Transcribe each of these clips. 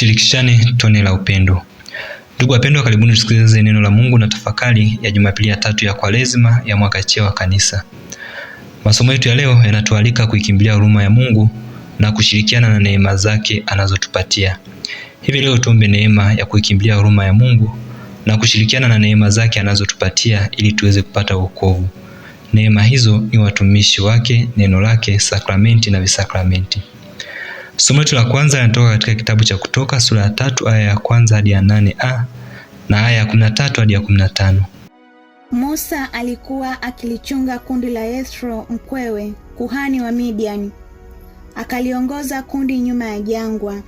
Tushirikishane tone la upendo. Ndugu wapendwa, karibuni tusikilize neno la Mungu na tafakari ya Jumapili ya tatu ya Kwaresima ya mwaka C wa Kanisa. Masomo yetu ya leo yanatualika kuikimbilia huruma ya Mungu na kushirikiana na neema zake anazotupatia. Hivi leo tuombe neema ya kuikimbilia huruma ya Mungu na kushirikiana na neema zake anazotupatia ili tuweze kupata wokovu. Neema hizo ni watumishi wake, neno lake, sakramenti na visakramenti. Somo letu la kwanza linatoka katika kitabu cha Kutoka sura ya tatu aya ya kwanza hadi ya nane a na aya ya kumi na tatu hadi ya kumi na tano. Musa alikuwa akilichunga kundi la Yethro mkwewe kuhani wa Midian, akaliongoza kundi nyuma ya jangwa,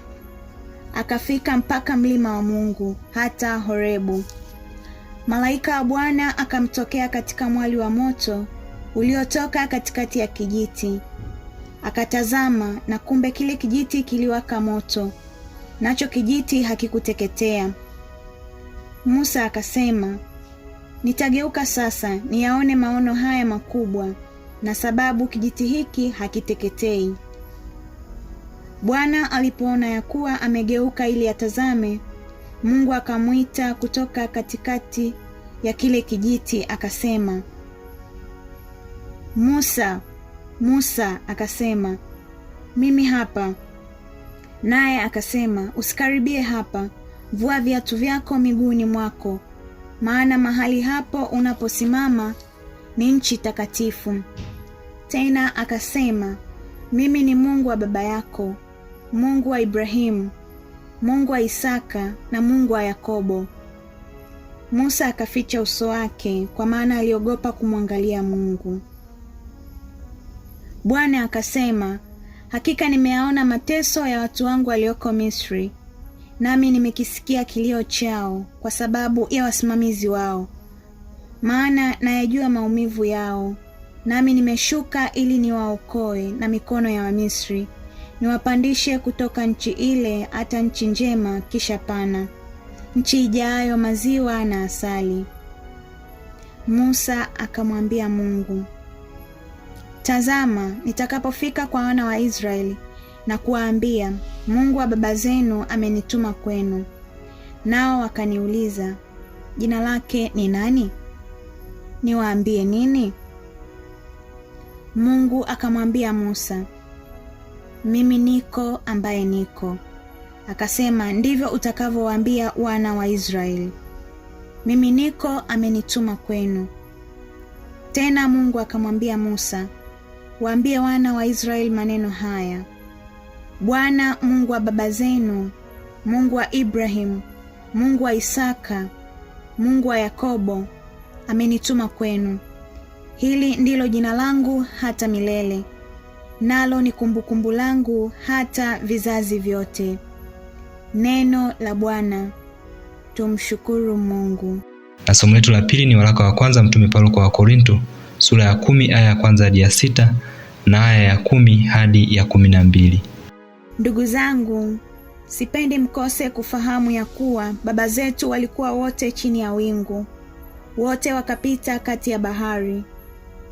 akafika mpaka mlima wa Mungu hata Horebu. Malaika wa Bwana akamtokea katika mwali wa moto uliotoka katikati ya kijiti Akatazama na kumbe kile kijiti kiliwaka moto, nacho kijiti hakikuteketea. Musa akasema, nitageuka sasa niyaone maono haya makubwa, na sababu kijiti hiki hakiteketei. Bwana alipoona ya kuwa amegeuka ili atazame, Mungu akamwita kutoka katikati ya kile kijiti akasema, Musa, Musa akasema, mimi hapa. Naye akasema, usikaribie hapa, vua viatu vyako miguuni mwako, maana mahali hapo unaposimama ni nchi takatifu. Tena akasema, mimi ni Mungu wa baba yako, Mungu wa Ibrahimu, Mungu wa Isaka na Mungu wa Yakobo. Musa akaficha uso wake, kwa maana aliogopa kumwangalia Mungu. Bwana akasema, hakika nimeyaona mateso ya watu wangu walioko Misri, nami nimekisikia kilio chao kwa sababu ya wasimamizi wao, maana nayajua maumivu yao. Nami nimeshuka ili niwaokoe na mikono ya Wamisri, niwapandishe kutoka nchi ile hata nchi njema kisha pana, nchi ijayo maziwa na asali. Musa akamwambia Mungu, Tazama, nitakapofika kwa wana wa Israeli na kuwaambia, Mungu wa baba zenu amenituma kwenu, nao wakaniuliza, jina lake ni nani? Niwaambie nini? Mungu akamwambia Musa, mimi niko ambaye niko. Akasema, ndivyo utakavyowaambia wana wa Israeli, mimi niko amenituma kwenu. Tena Mungu akamwambia Musa, Waambie wana wa Israeli maneno haya: Bwana Mungu wa baba zenu, Mungu wa Ibrahimu, Mungu wa Isaka, Mungu wa Yakobo amenituma kwenu. Hili ndilo jina langu hata milele, nalo ni kumbukumbu langu hata vizazi vyote. Neno la Bwana. Tumshukuru Mungu. Na somo letu la pili ni waraka wa kwanza Mtume Paulo kwa Wakorinto sura ya kumi aya ya kwanza hadi ya sita na aya ya kumi hadi ya kumi na mbili. Ndugu zangu, sipendi mkose kufahamu ya kuwa baba zetu walikuwa wote chini ya wingu, wote wakapita kati ya bahari,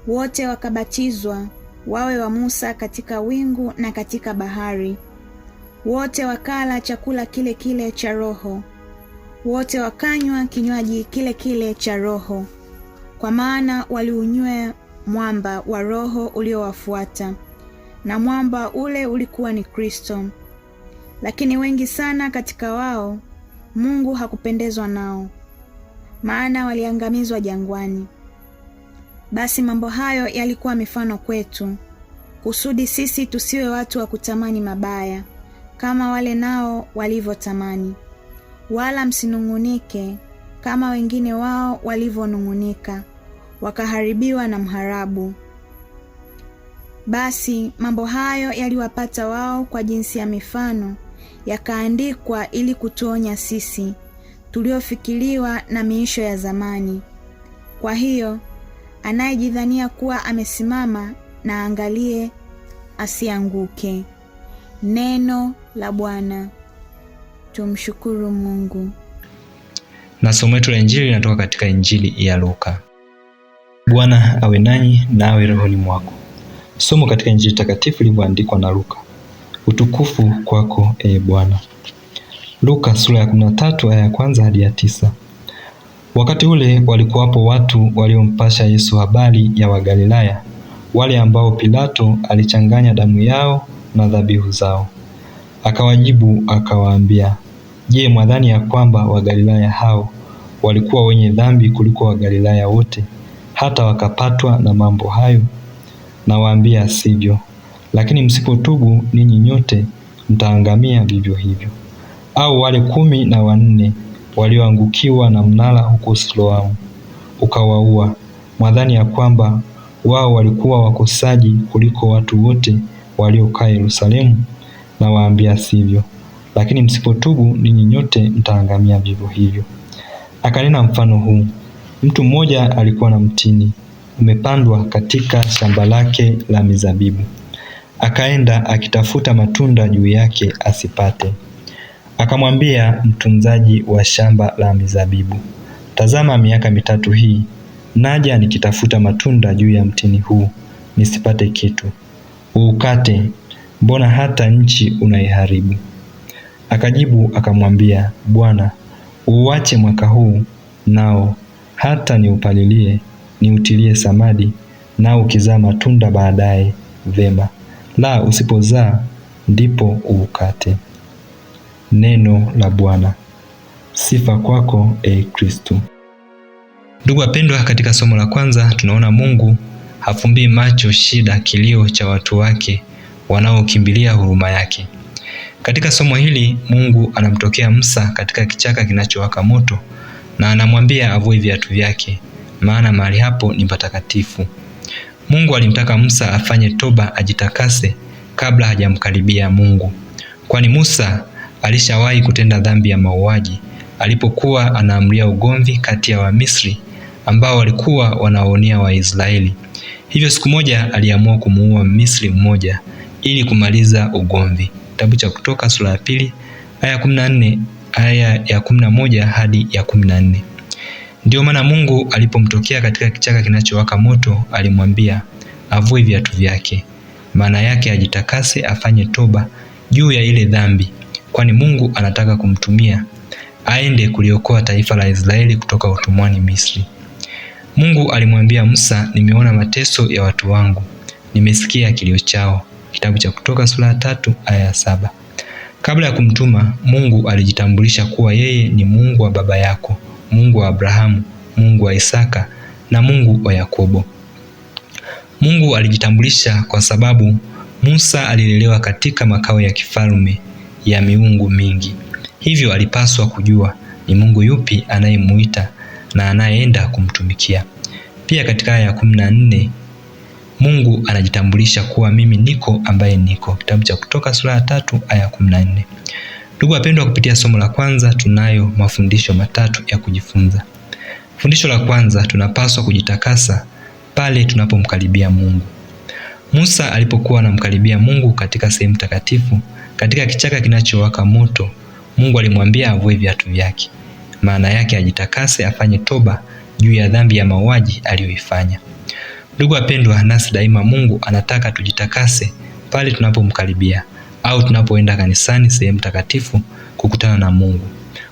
wote wakabatizwa wawe wa Musa katika wingu na katika bahari, wote wakala chakula kile kile cha roho, wote wakanywa kinywaji kile kile cha roho kwa maana waliunywea mwamba wa Roho uliowafuata, na mwamba ule ulikuwa ni Kristo. Lakini wengi sana katika wao Mungu hakupendezwa nao, maana waliangamizwa jangwani. Basi mambo hayo yalikuwa mifano kwetu, kusudi sisi tusiwe watu wa kutamani mabaya kama wale nao walivyotamani, wala msinung'unike kama wengine wao walivyonung'unika wakaharibiwa na mharabu. Basi mambo hayo yaliwapata wao kwa jinsi ya mifano, yakaandikwa ili kutuonya sisi tuliofikiriwa na miisho ya zamani. Kwa hiyo anayejidhania kuwa amesimama na angalie asianguke. Neno la Bwana. Tumshukuru Mungu. Na somo letu la Injili linatoka katika Injili ya Luka. Bwana awe nanyi na awe rohoni mwako. Somo katika Injili Takatifu ilivyoandikwa na Luka. Utukufu kwako ee Bwana. Luka sura ya 13 aya ya kwanza hadi ya tisa. Wakati ule walikuwapo watu waliompasha Yesu habari ya Wagalilaya, wale ambao Pilato alichanganya damu yao na dhabihu zao. Akawajibu akawaambia, Je, mwadhani ya kwamba Wagalilaya hao walikuwa wenye dhambi kuliko Wagalilaya wote hata wakapatwa na mambo hayo? Nawaambia, sivyo. Lakini msipotubu ninyi nyote mtaangamia vivyo hivyo. Au wale kumi na wanne walioangukiwa na mnara huko Siloamu ukawaua, mwadhani ya kwamba wao walikuwa wakosaji kuliko watu wote waliokaa Yerusalemu? Nawaambia, sivyo. Lakini msipotubu ninyi nyote mtaangamia vivyo hivyo. Akanena mfano huu Mtu mmoja alikuwa na mtini umepandwa katika shamba lake la mizabibu, akaenda akitafuta matunda juu yake asipate. Akamwambia mtunzaji wa shamba la mizabibu, tazama, miaka mitatu hii naja nikitafuta matunda juu ya mtini huu nisipate kitu, uukate, mbona hata nchi unaiharibu? Akajibu akamwambia, Bwana, uuache mwaka huu nao hata niupalilie, niutilie samadi, na ukizaa matunda baadaye vema, la usipozaa ndipo uukate. Neno la Bwana. Sifa kwako e Kristo. Ndugu wapendwa, katika somo la kwanza tunaona Mungu hafumbii macho shida, kilio cha watu wake wanaokimbilia huruma yake. Katika somo hili Mungu anamtokea Musa katika kichaka kinachowaka moto na anamwambia avue viatu vyake, maana mahali hapo ni patakatifu. Mungu alimtaka Musa afanye toba, ajitakase kabla hajamkaribia Mungu, kwani Musa alishawahi kutenda dhambi ya mauaji alipokuwa anaamria ugomvi kati ya Wamisri ambao walikuwa wanawaonea Waisraeli. Hivyo siku moja aliamua kumuua Misri mmoja ili kumaliza ugomvi. Kitabu cha Kutoka sura ya pili aya 14 aya ya moja hadi ya nne Ndiyo maana Mungu alipomtokea katika kichaka kinachowaka moto alimwambia avue viatu vyake, maana yake ajitakase, afanye toba juu ya ile dhambi, kwani Mungu anataka kumtumia aende kuliokoa taifa la Israeli kutoka utumwani Misri. Mungu alimwambia Musa, nimeona mateso ya watu wangu, nimesikia kilio chao. Kitabu cha Kutoka sura ya tatu aya ya saba. Kabla ya kumtuma, Mungu alijitambulisha kuwa yeye ni Mungu wa baba yako, Mungu wa Abrahamu, Mungu wa Isaka na Mungu wa Yakobo. Mungu alijitambulisha kwa sababu Musa alilelewa katika makao ya kifalme ya miungu mingi. Hivyo alipaswa kujua ni Mungu yupi anayemuita na anayeenda kumtumikia. Pia katika aya ya nne Mungu anajitambulisha kuwa mimi niko ambaye niko. Kitabu cha Kutoka sura ya tatu aya 14. Ndugu wapendwa, kupitia somo la kwanza tunayo mafundisho matatu ya kujifunza. Fundisho la kwanza, tunapaswa kujitakasa pale tunapomkaribia Mungu. Musa alipokuwa anamkaribia Mungu katika sehemu takatifu, katika kichaka kinachowaka moto, Mungu alimwambia avue viatu vyake. Maana yake ajitakase, afanye toba juu ya dhambi ya mauaji aliyoifanya. Ndugu wapendwa, nasi daima Mungu anataka tujitakase pale tunapomkaribia au tunapoenda kanisani, sehemu takatifu, kukutana na Mungu.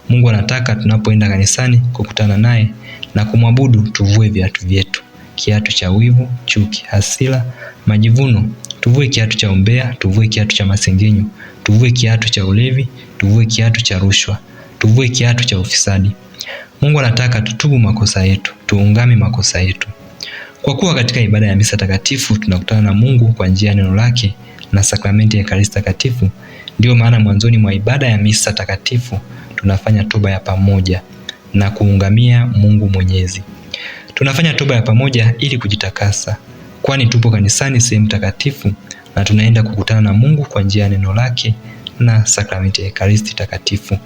Mungu anataka tunapoenda kanisani kukutana naye na kumwabudu, tuvue viatu vyetu, kiatu cha wivu, chuki, hasila majivuno. Tuvue kiatu cha umbea, tuvue kiatu cha masengenyo, tuvue kiatu cha ulevi, tuvue kiatu cha rushwa, tuvue kiatu cha ufisadi. Mungu anataka tutubu makosa yetu, tuungame makosa yetu. Kwa kuwa katika ibada ya misa takatifu tunakutana na Mungu kwa njia ya neno lake na sakramenti ya Ekaristi Takatifu. Ndiyo maana mwanzoni mwa ibada ya misa takatifu tunafanya toba ya pamoja na kuungamia Mungu Mwenyezi. Tunafanya toba ya pamoja ili kujitakasa, kwani tupo kanisani, sehemu takatifu, na tunaenda kukutana na Mungu kwa njia ya neno lake na sakramenti ya Ekaristi Takatifu.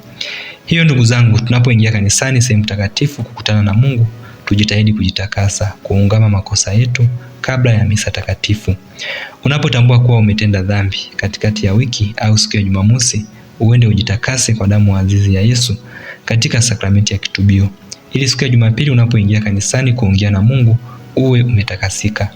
Hiyo ndugu zangu, tunapoingia kanisani, sehemu takatifu, kukutana na Mungu tujitahidi kujitakasa, kuungama makosa yetu kabla ya misa takatifu. Unapotambua kuwa umetenda dhambi katikati ya wiki au siku ya Jumamosi, uende ujitakase kwa damu azizi ya Yesu katika sakramenti ya kitubio, ili siku ya Jumapili unapoingia kanisani kuongea na Mungu uwe umetakasika.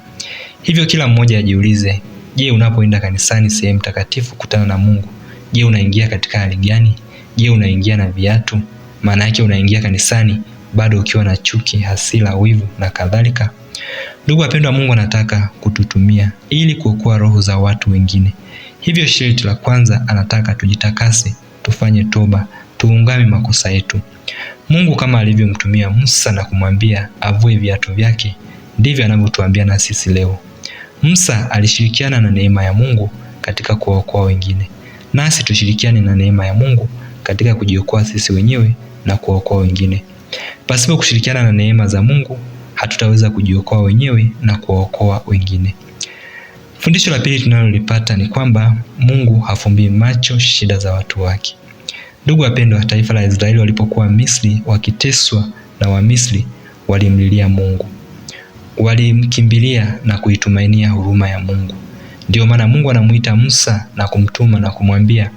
Hivyo kila mmoja ajiulize, je, unapoenda kanisani sehemu takatifu kutana na Mungu, je, unaingia katika hali gani? Je, unaingia na viatu? Maana yake unaingia kanisani bado ukiwa na chuki, hasira, wivu na kadhalika. Ndugu wapendwa, Mungu anataka kututumia ili kuokoa roho za watu wengine. Hivyo sharti la kwanza, anataka tujitakase, tufanye toba, tuungame makosa yetu. Mungu kama alivyomtumia Musa na kumwambia avue viatu vyake, ndivyo anavyotuambia na sisi leo. Musa alishirikiana na neema ya Mungu katika kuwaokoa wengine, nasi tushirikiane na neema ya Mungu katika kujiokoa sisi wenyewe na kuwaokoa wengine. Pasipo kushirikiana na neema za Mungu, hatutaweza kujiokoa wenyewe na kuwaokoa wengine. Fundisho la pili tunalolipata ni kwamba Mungu hafumbii macho shida za watu wake. Ndugu wapendwa, taifa la Israeli walipokuwa Misri wakiteswa na Wamisri, walimlilia Mungu, walimkimbilia na kuitumainia huruma ya Mungu. Ndiyo maana Mungu anamuita Musa na kumtuma na kumwambia,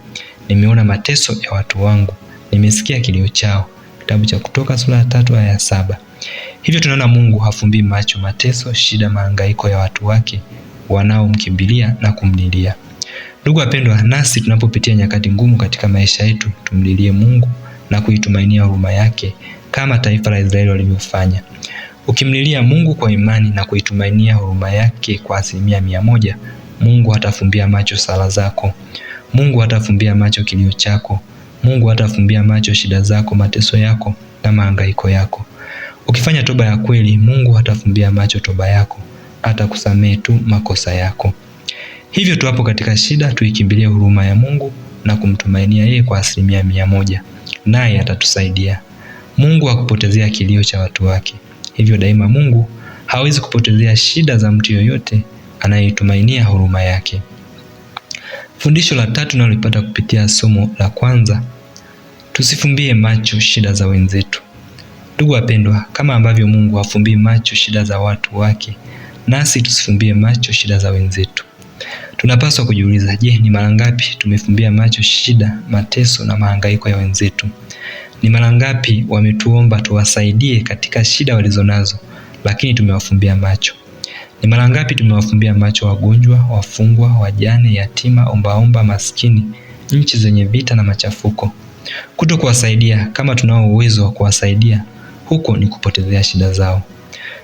nimeona mateso ya watu wangu, nimesikia kilio chao, kitabu cha Kutoka sura ya tatu aya ya saba. Hivyo tunaona Mungu hafumbii macho mateso, shida, mahangaiko ya watu wake wanaomkimbilia na kumlilia. Ndugu wapendwa, nasi tunapopitia nyakati ngumu katika maisha yetu, tumlilie Mungu na kuitumainia huruma yake kama taifa la Israeli walivyofanya. Ukimlilia Mungu kwa imani na kuitumainia huruma yake kwa asilimia mia moja, Mungu hatafumbia macho sala zako. Mungu hatafumbia macho kilio chako. Mungu hatafumbia macho shida zako, mateso yako na mahangaiko yako. Ukifanya toba ya kweli, Mungu hatafumbia macho toba yako, atakusamehe tu makosa yako. Hivyo tuwapo katika shida, tuikimbilie huruma ya Mungu na kumtumainia yeye kwa asilimia mia moja, naye atatusaidia. Mungu akupotezea kilio cha watu wake, hivyo daima Mungu hawezi kupotezea shida za mtu yoyote anayetumainia huruma yake. Fundisho la tatu nalolipata kupitia somo la kwanza, tusifumbie macho shida za wenzetu. Ndugu wapendwa, kama ambavyo Mungu hafumbii macho shida za watu wake, nasi tusifumbie macho shida za wenzetu. Tunapaswa kujiuliza, je, ni mara ngapi tumefumbia macho shida, mateso na mahangaiko ya wenzetu? Ni mara ngapi wametuomba tuwasaidie katika shida walizonazo, lakini tumewafumbia macho? Ni mara ngapi tumewafumbia macho wagonjwa, wafungwa, wajane, yatima, ombaomba, maskini, nchi zenye vita na machafuko. Kuto kuwasaidia kama tunao uwezo wa kuwasaidia huko ni kupotezea shida zao.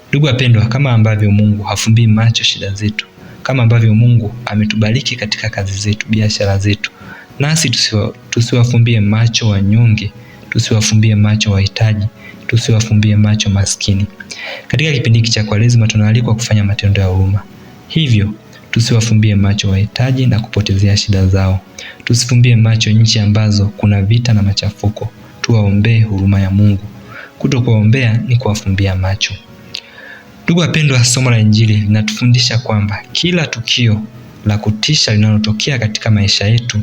Ndugu wapendwa, kama ambavyo Mungu hafumbii macho shida zetu, kama ambavyo Mungu ametubariki katika kazi zetu, biashara zetu, nasi tusiwafumbie macho wanyonge, tusiwafumbie macho wahitaji tusiwafumbie macho maskini. Katika kipindi hiki cha Kwaresima tunaalikwa kufanya matendo ya huruma, hivyo tusiwafumbie macho wahitaji na kupotezea shida zao. Tusifumbie macho nchi ambazo kuna vita na machafuko, tuwaombee huruma ya Mungu. kuto kuwaombea ni kuwafumbia macho. Ndugu wapendwa, somo la Injili linatufundisha kwamba kila tukio la kutisha linalotokea katika maisha yetu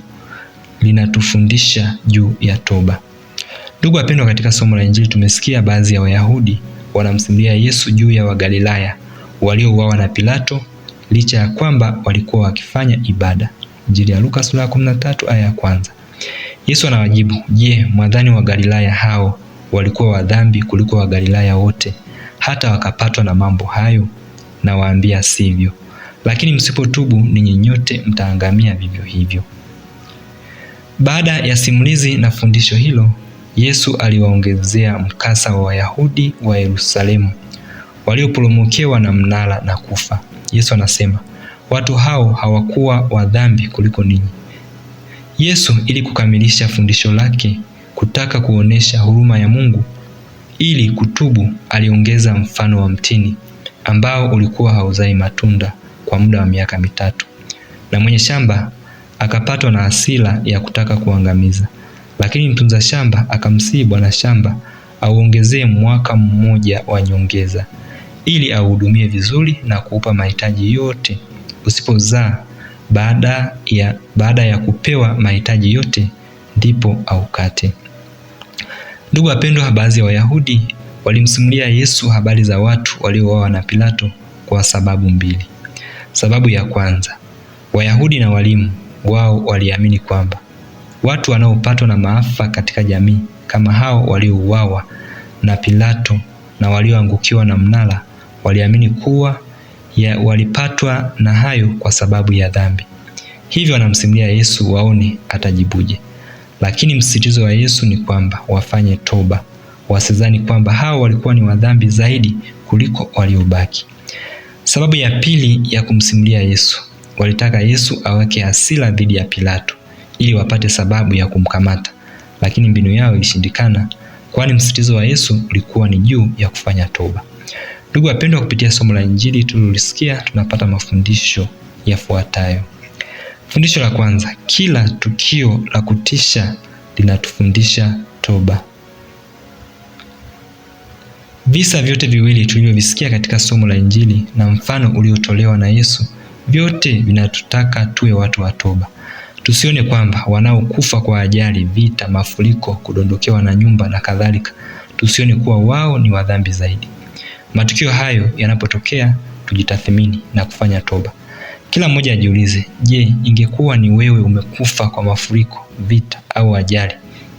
linatufundisha juu ya toba. Ndugu wapendwa, katika somo la Injili tumesikia baadhi ya Wayahudi wanamsimulia Yesu juu ya Wagalilaya waliouawa na Pilato licha ya kwamba walikuwa wakifanya ibada. Injili ya Luka sura ya 13 aya ya kwanza. Yesu anawajibu, je, mwadhani Wagalilaya hao walikuwa wadhambi kuliko Wagalilaya wote hata wakapatwa na mambo hayo? Na waambia sivyo, lakini msipotubu ninyi nyote mtaangamia vivyo hivyo. Baada ya simulizi na fundisho hilo, Yesu aliwaongezea mkasa wa Wayahudi wa Yerusalemu walioporomokewa na mnara na kufa. Yesu anasema watu hao hawakuwa wa dhambi kuliko ninyi. Yesu ili kukamilisha fundisho lake, kutaka kuonesha huruma ya Mungu ili kutubu, aliongeza mfano wa mtini ambao ulikuwa hauzai matunda kwa muda wa miaka mitatu, na mwenye shamba akapatwa na hasira ya kutaka kuangamiza lakini mtunza shamba akamsii bwana shamba auongezee mwaka mmoja wa nyongeza ili auhudumie vizuri na kuupa mahitaji yote. Usipozaa baada ya, baada ya kupewa mahitaji yote ndipo aukate. Ndugu wapendwa, baadhi ya Wayahudi walimsimulia Yesu habari za watu waliowawa na Pilato kwa sababu mbili. Sababu ya kwanza, Wayahudi na walimu wao waliamini kwamba Watu wanaopatwa na maafa katika jamii kama hao waliouawa na Pilato na walioangukiwa na mnara waliamini kuwa ya walipatwa na hayo kwa sababu ya dhambi, hivyo wanamsimulia Yesu waone atajibuje. Lakini msisitizo wa Yesu ni kwamba wafanye toba, wasizani kwamba hao walikuwa ni wadhambi zaidi kuliko waliobaki. Sababu ya pili ya kumsimulia Yesu, walitaka Yesu aweke hasira dhidi ya Pilato ili wapate sababu ya kumkamata, lakini mbinu yao ilishindikana, kwani msitizo wa Yesu ulikuwa ni juu ya kufanya toba. Ndugu wapendwa, kupitia somo la injili tulilosikia tunapata mafundisho yafuatayo. Fundisho la kwanza, kila tukio la kutisha linatufundisha toba. Visa vyote viwili tulivyovisikia katika somo la injili na mfano uliotolewa na Yesu, vyote vinatutaka tuwe watu wa toba. Tusione kwamba wanaokufa kwa ajali, vita, mafuriko, kudondokewa na nyumba na kadhalika, tusione kuwa wao ni wadhambi zaidi. Matukio hayo yanapotokea, tujitathmini na kufanya toba. Kila mmoja ajiulize, je, ingekuwa ni wewe umekufa kwa mafuriko, vita au ajali?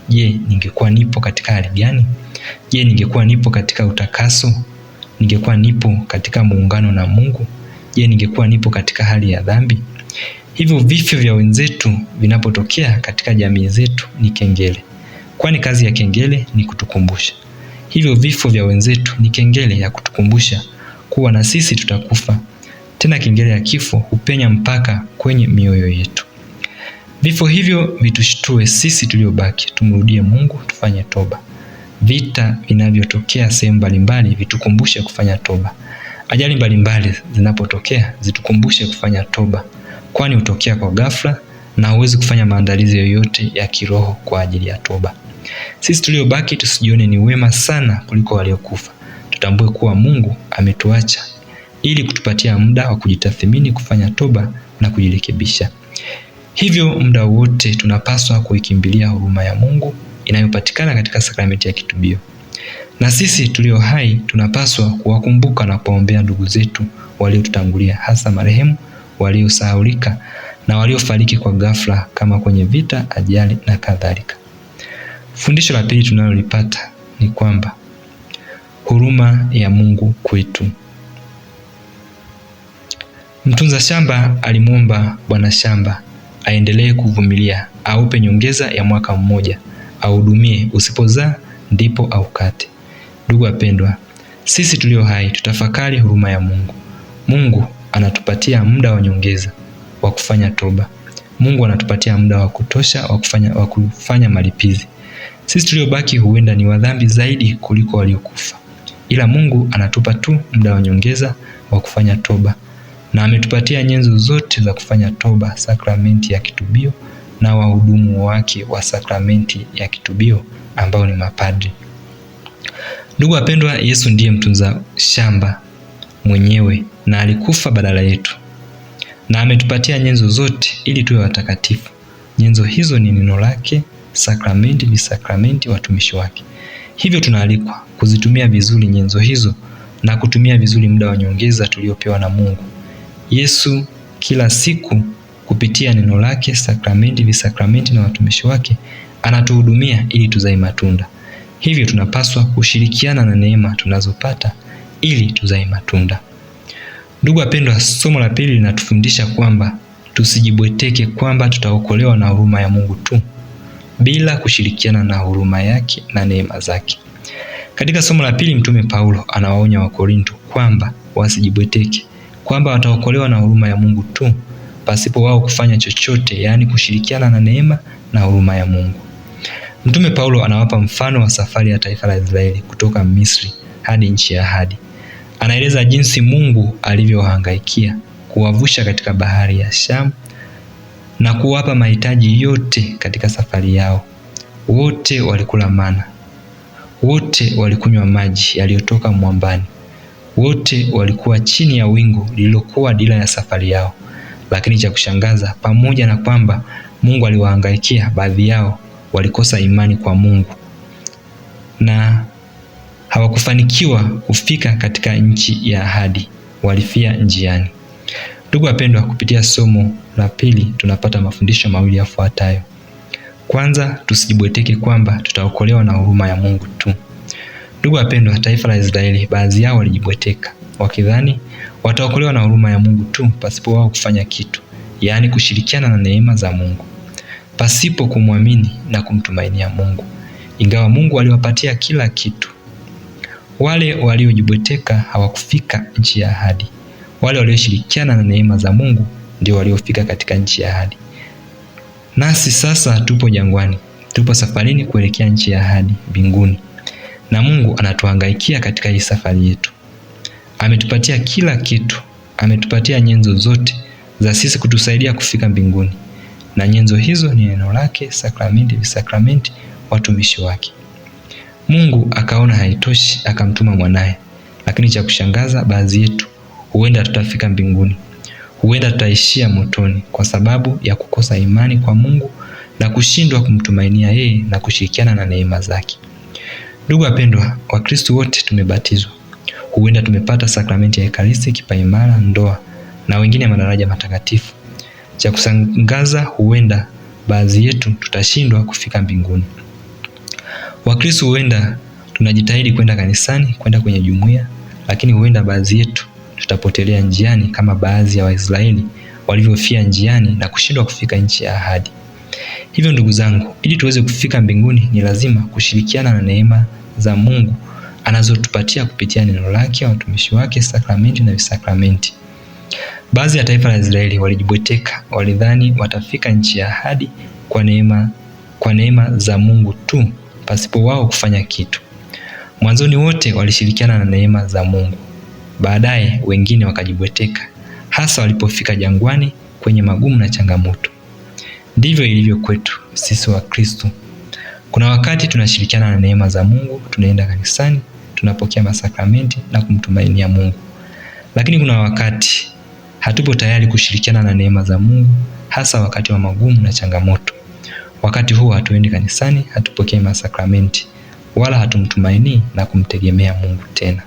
Je, ningekuwa nipo katika hali gani? Je, ningekuwa nipo katika utakaso? Ningekuwa nipo katika muungano na Mungu? Je, ningekuwa nipo katika hali ya dhambi? Hivyo vifo vya wenzetu vinapotokea katika jamii zetu ni kengele, kwani kazi ya kengele ni kutukumbusha. Hivyo vifo vya wenzetu ni kengele ya kutukumbusha kuwa na sisi tutakufa. Tena kengele ya kifo hupenya mpaka kwenye mioyo yetu. Vifo hivyo vitushtue sisi tuliobaki, tumrudie Mungu, tufanye toba. Vita vinavyotokea sehemu mbalimbali vitukumbushe kufanya toba. Ajali mbalimbali zinapotokea zitukumbushe kufanya toba kwani hutokea kwa ghafla na huwezi kufanya maandalizi yoyote ya kiroho kwa ajili ya toba. Sisi tuliobaki tusijione ni wema sana kuliko waliokufa. Tutambue kuwa Mungu ametuacha ili kutupatia muda wa kujitathmini, kufanya toba na kujirekebisha. Hivyo muda wote tunapaswa kuikimbilia huruma ya Mungu inayopatikana katika sakramenti ya kitubio. Na sisi tulio hai tunapaswa kuwakumbuka na kuwaombea ndugu zetu waliotutangulia, hasa marehemu waliosahaulika na waliofariki kwa ghafla kama kwenye vita, ajali na kadhalika. Fundisho la pili tunalolipata ni kwamba huruma ya Mungu kwetu. Mtunza shamba alimwomba bwana shamba aendelee kuvumilia, aupe nyongeza ya mwaka mmoja, ahudumie, usipozaa ndipo aukate. Ndugu wapendwa, sisi tulio hai tutafakari huruma ya Mungu. Mungu anatupatia muda wa nyongeza wa kufanya toba. Mungu anatupatia muda wa kutosha wa kufanya, wa kufanya malipizi. Sisi tuliobaki huenda ni wadhambi zaidi kuliko waliokufa, ila Mungu anatupa tu muda wa nyongeza wa kufanya toba, na ametupatia nyenzo zote za kufanya toba, sakramenti ya kitubio na wahudumu wake wa sakramenti ya kitubio ambao ni mapadri. Ndugu wapendwa, Yesu ndiye mtunza shamba mwenyewe na alikufa badala yetu, na ametupatia nyenzo zote ili tuwe watakatifu. Nyenzo hizo ni neno lake, sakramenti ni sakramenti, watumishi wake. Hivyo tunaalikwa kuzitumia vizuri nyenzo hizo na kutumia vizuri muda wa nyongeza tuliopewa na Mungu. Yesu kila siku kupitia neno lake, sakramenti, visakramenti na watumishi wake anatuhudumia ili tuzae matunda. Hivyo tunapaswa kushirikiana na neema tunazopata ili tuzae matunda. Ndugu wapendwa, somo la pili linatufundisha kwamba tusijibweteke kwamba tutaokolewa na huruma ya Mungu tu bila kushirikiana na huruma yake na neema zake. Katika somo la pili, Mtume Paulo anawaonya Wakorinto kwamba wasijibweteke kwamba wataokolewa na huruma ya Mungu tu pasipo wao kufanya chochote, yaani kushirikiana na neema na huruma ya Mungu. Mtume Paulo anawapa mfano wa safari ya taifa la Israeli kutoka Misri hadi nchi ya ahadi Anaeleza jinsi Mungu alivyohangaikia kuwavusha katika bahari ya Shamu na kuwapa mahitaji yote katika safari yao. Wote walikula mana, wote walikunywa maji yaliyotoka mwambani, wote walikuwa chini ya wingu lililokuwa dira ya safari yao. Lakini cha kushangaza, pamoja na kwamba Mungu aliwahangaikia, baadhi yao walikosa imani kwa Mungu na hawakufanikiwa kufika katika nchi ya ahadi, walifia njiani. Ndugu wapendwa, kupitia somo la pili tunapata mafundisho mawili yafuatayo. Kwanza, tusijibweteke kwamba tutaokolewa na huruma ya Mungu tu. Ndugu wapendwa, taifa la Israeli, baadhi yao walijibweteka wakidhani wataokolewa na huruma ya Mungu tu pasipo wao kufanya kitu, yaani kushirikiana na neema za Mungu, pasipo kumwamini na kumtumainia Mungu, ingawa Mungu aliwapatia kila kitu. Wale waliojibweteka hawakufika nchi ya ahadi. Wale walioshirikiana na neema za Mungu ndio waliofika katika nchi ya ahadi. Nasi sasa tupo jangwani, tupo safarini kuelekea nchi ya ahadi mbinguni, na Mungu anatuhangaikia katika hii safari yetu. Ametupatia kila kitu, ametupatia nyenzo zote za sisi kutusaidia kufika mbinguni, na nyenzo hizo ni neno lake, sakramenti, visakramenti, watumishi wake. Mungu akaona haitoshi, akamtuma mwanaye. Lakini cha kushangaza, baadhi yetu huenda tutafika mbinguni, huenda tutaishia motoni kwa sababu ya kukosa imani kwa Mungu na kushindwa kumtumainia yeye na kushirikiana na neema zake. Ndugu wapendwa, Wakristo wote tumebatizwa, huenda tumepata sakramenti ya Ekaristi, kipaimara, ndoa na wengine madaraja matakatifu. Cha kusangaza huenda baadhi yetu tutashindwa kufika mbinguni. Wakristo huenda tunajitahidi kwenda kanisani, kwenda kwenye jumuiya, lakini huenda baadhi yetu tutapotelea njiani kama baadhi ya Waisraeli walivyofia njiani na kushindwa kufika nchi ya ahadi. Hivyo ndugu zangu, ili tuweze kufika mbinguni ni lazima kushirikiana na neema za Mungu anazotupatia kupitia neno lake, watumishi wake, sakramenti na visakramenti. Baadhi ya taifa la Israeli walijibweteka, walidhani watafika nchi ya ahadi kwa neema, kwa neema za Mungu tu pasipo wao kufanya kitu. Mwanzoni wote walishirikiana na neema za Mungu, baadaye wengine wakajibweteka, hasa walipofika jangwani kwenye magumu na changamoto. Ndivyo ilivyo kwetu sisi wa Kristo. Kuna wakati tunashirikiana na neema za Mungu, tunaenda kanisani, tunapokea masakramenti na kumtumainia Mungu, lakini kuna wakati hatupo tayari kushirikiana na neema za Mungu, hasa wakati wa magumu na changamoto. Wakati huo hatuendi kanisani, hatupokei masakramenti, wala hatumtumainii na kumtegemea Mungu tena.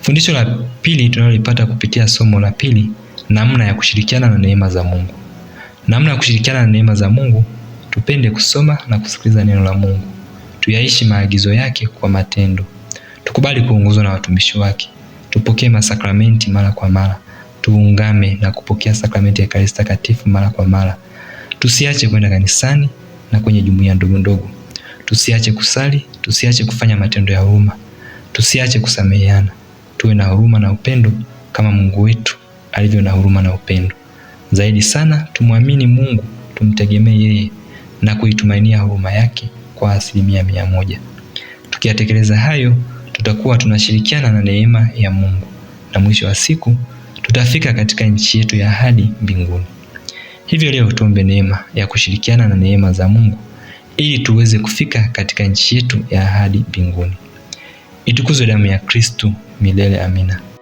Fundisho la pili tunalolipata kupitia somo la pili, namna ya kushirikiana na neema za Mungu. Namna ya kushirikiana na neema za Mungu, tupende kusoma na kusikiliza neno la Mungu, tuyaishi maagizo yake kwa matendo, tukubali kuongozwa na watumishi wake, tupokee masakramenti mara kwa mara, tuungame na kupokea sakramenti ya Ekaristi Takatifu mara kwa mara, Tusiache kwenda kanisani na kwenye jumuiya ndogo ndogo. Tusiache kusali, tusiache kufanya matendo ya huruma, tusiache kusameheana. Tuwe na huruma na upendo kama Mungu wetu alivyo na huruma na upendo. Zaidi sana tumwamini Mungu, tumtegemee yeye na kuitumainia huruma yake kwa asilimia mia moja. Tukiyatekeleza hayo, tutakuwa tunashirikiana na neema ya Mungu na mwisho wa siku tutafika katika nchi yetu ya ahadi mbinguni. Hivyo leo tuombe neema ya kushirikiana na neema za Mungu ili tuweze kufika katika nchi yetu ya ahadi mbinguni. Itukuzwe damu ya Kristu milele! Amina.